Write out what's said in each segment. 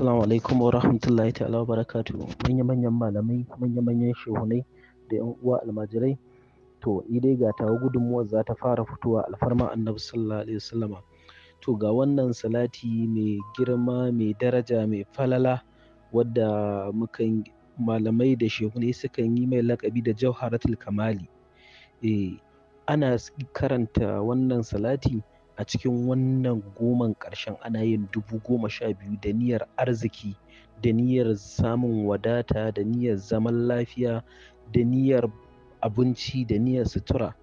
Assalamu alaikum wa rahmatullahi ta'ala wa barakatu manya-manyan malamai manya-manyan shehunai da yan uwa almajirai to ni dai ga tawa gudunmuwar za ta fara fitowa alfarma annabi sallallahu alaihi wasallama to ga wannan salati mai girma mai daraja mai falala wadda mukan malamai da shehunai sukan yi mai lakabi da jauharatul kamali eh ana karanta wannan salati A cikin wannan goman ƙarshen ana yin dubu goma sha biyu da niyyar arziki, da niyyar samun wadata, da niyyar zaman lafiya, da niyyar abinci, da niyyar sutura.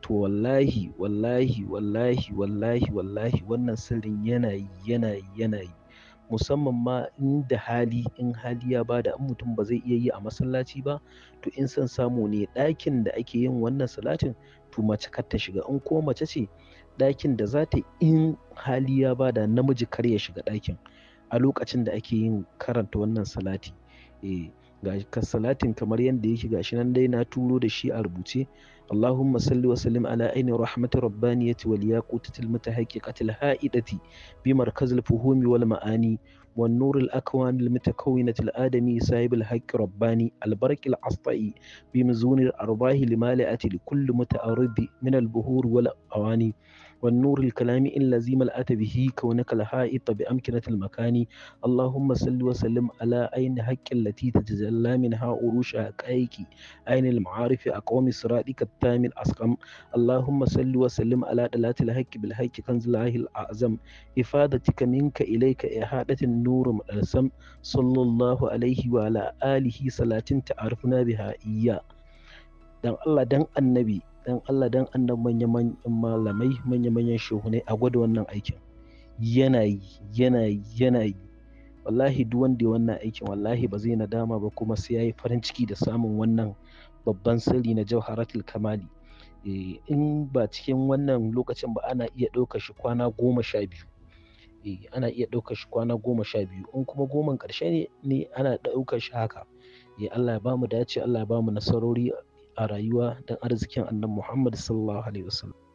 To wallahi, wallahi, wallahi, wallahi, wallahi wannan sirrin yanayi, yi, yana musamman ma inda hali in hali ya bada in mutum ba zai iya yi a masallaci ba to in san samu ne ɗakin da ake yin wannan salatin to mace kar ta shiga in ko mace ce ɗakin da za ta in hali ya bada namiji kar ya shiga ɗakin a lokacin da ake yin karanta wannan salati eh ga kasalatin kamar yadda yake gashi nan dai na turo da shi a rubuce اللهم صل وسلم على عين رحمة ربانية والياقوتة المتحققة الهائدة بمركز الفهوم والمعاني والنور الأكوان المتكونة الآدمي صاحب الحق رباني البرك العسطئي بمزون الأرباح لمالئة لكل متأرب من البهور والأواني والنور الكلام الذي ملأت به كونك الحائط بأمكنة المكان اللهم صل وسلم على عين حق التي تتجلى منها أروش حقائق عين المعارف أقوم صراطك التام الأسقم اللهم صل وسلم على دلاة الحق بالحق كنز الله الأعظم إفادتك منك إليك إحادة النور ملسم صلى الله عليه وعلى آله صلاة تعرفنا بها إياه dan Allah dan annabi dan Allah dan annan manya-manyan malamai manya-manyan shehunai a gwada wannan aikin yana yi yana yi yana yi wallahi duk wanda ya wannan aikin wallahi ba zai nadama ba kuma sai yayi farin ciki da samun wannan babban sirri na jawharatul kamali eh, in ba cikin wannan lokacin ba ana iya ɗaukar shi kwana goma sha biyu eh, ana iya ɗaukar shi kwana goma sha biyu in kuma goman ƙarshe ne ana ɗaukar shi haka Eh Allah ya bamu dace Allah ya bamu nasarori a rayuwa don arzikin annan Muhammad sallallahu alaihi wasallam